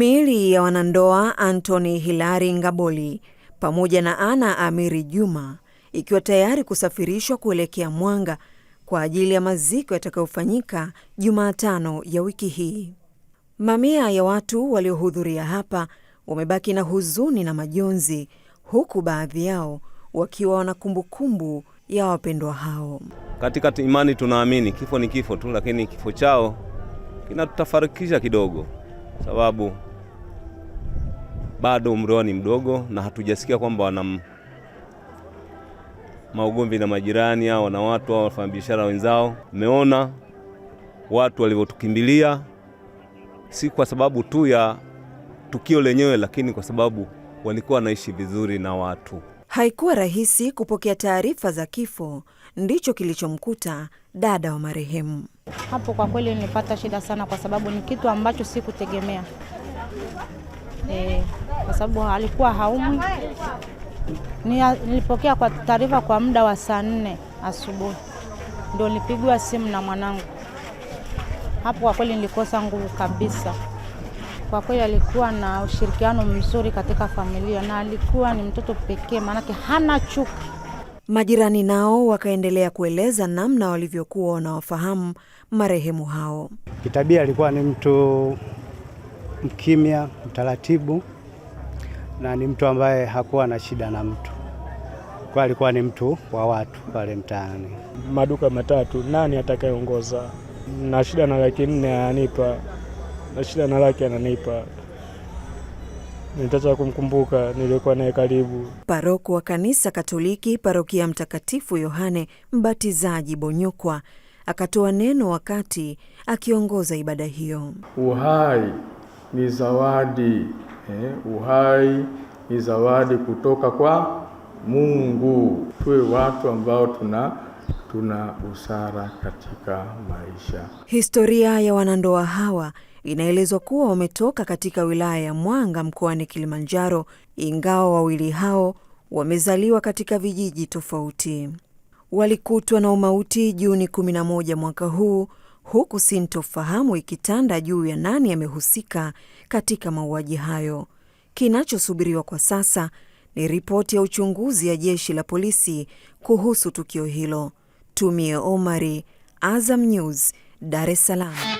Miili ya wanandoa Anthony Hilary Ngaboli pamoja na Ana Amiri Juma ikiwa tayari kusafirishwa kuelekea Mwanga kwa ajili ya maziko yatakayofanyika Jumatano ya wiki hii. Mamia ya watu waliohudhuria hapa wamebaki na huzuni na majonzi, huku baadhi yao wakiwa wana kumbukumbu ya wapendwa hao. Katika imani tunaamini kifo ni kifo tu, lakini kifo chao kinatutafarikisha kidogo, sababu bado umri wao ni mdogo, na hatujasikia kwamba wana maugomvi na majirani au na watu au wafanyabiashara wenzao. Meona watu walivyotukimbilia, si kwa sababu tu ya tukio lenyewe, lakini kwa sababu walikuwa wanaishi vizuri na watu. Haikuwa rahisi kupokea taarifa za kifo, ndicho kilichomkuta dada wa marehemu. Hapo kwa kweli nilipata shida sana, kwa sababu ni kitu ambacho sikutegemea kwa sababu alikuwa haumwi. Nilipokea kwa taarifa kwa muda wa saa nne asubuhi ndio nilipigwa simu na mwanangu. Hapo kwa kweli nilikosa nguvu kabisa. Kwa kweli alikuwa na ushirikiano mzuri katika familia na alikuwa ni mtoto pekee, maanake hana chuki. Majirani nao wakaendelea kueleza namna walivyokuwa wanawafahamu marehemu hao. Kitabia alikuwa ni mtu mkimya, mtaratibu na ni mtu ambaye hakuwa na shida na mtu, kwa alikuwa ni mtu wa watu pale mtaani. Maduka matatu nani atakayeongoza? Na shida na laki nne ananipa, na shida na laki ananipa nitaacha kumkumbuka, nilikuwa naye karibu. Paroko wa kanisa Katoliki parokia Mtakatifu Yohane Mbatizaji Bonyokwa akatoa neno wakati akiongoza ibada hiyo. Uhai ni zawadi eh, uhai ni zawadi kutoka kwa Mungu. Tuwe watu ambao tuna tuna busara katika maisha. Historia ya wanandoa hawa inaelezwa kuwa wametoka katika wilaya ya Mwanga mkoani Kilimanjaro, ingawa wawili hao wamezaliwa katika vijiji tofauti. Walikutwa na umauti Juni 11 mwaka huu huku sintofahamu ikitanda juu ya nani amehusika katika mauaji hayo. Kinachosubiriwa kwa sasa ni ripoti ya uchunguzi ya jeshi la polisi kuhusu tukio hilo. Tumie Omari, Azam News, Dar es Salaam.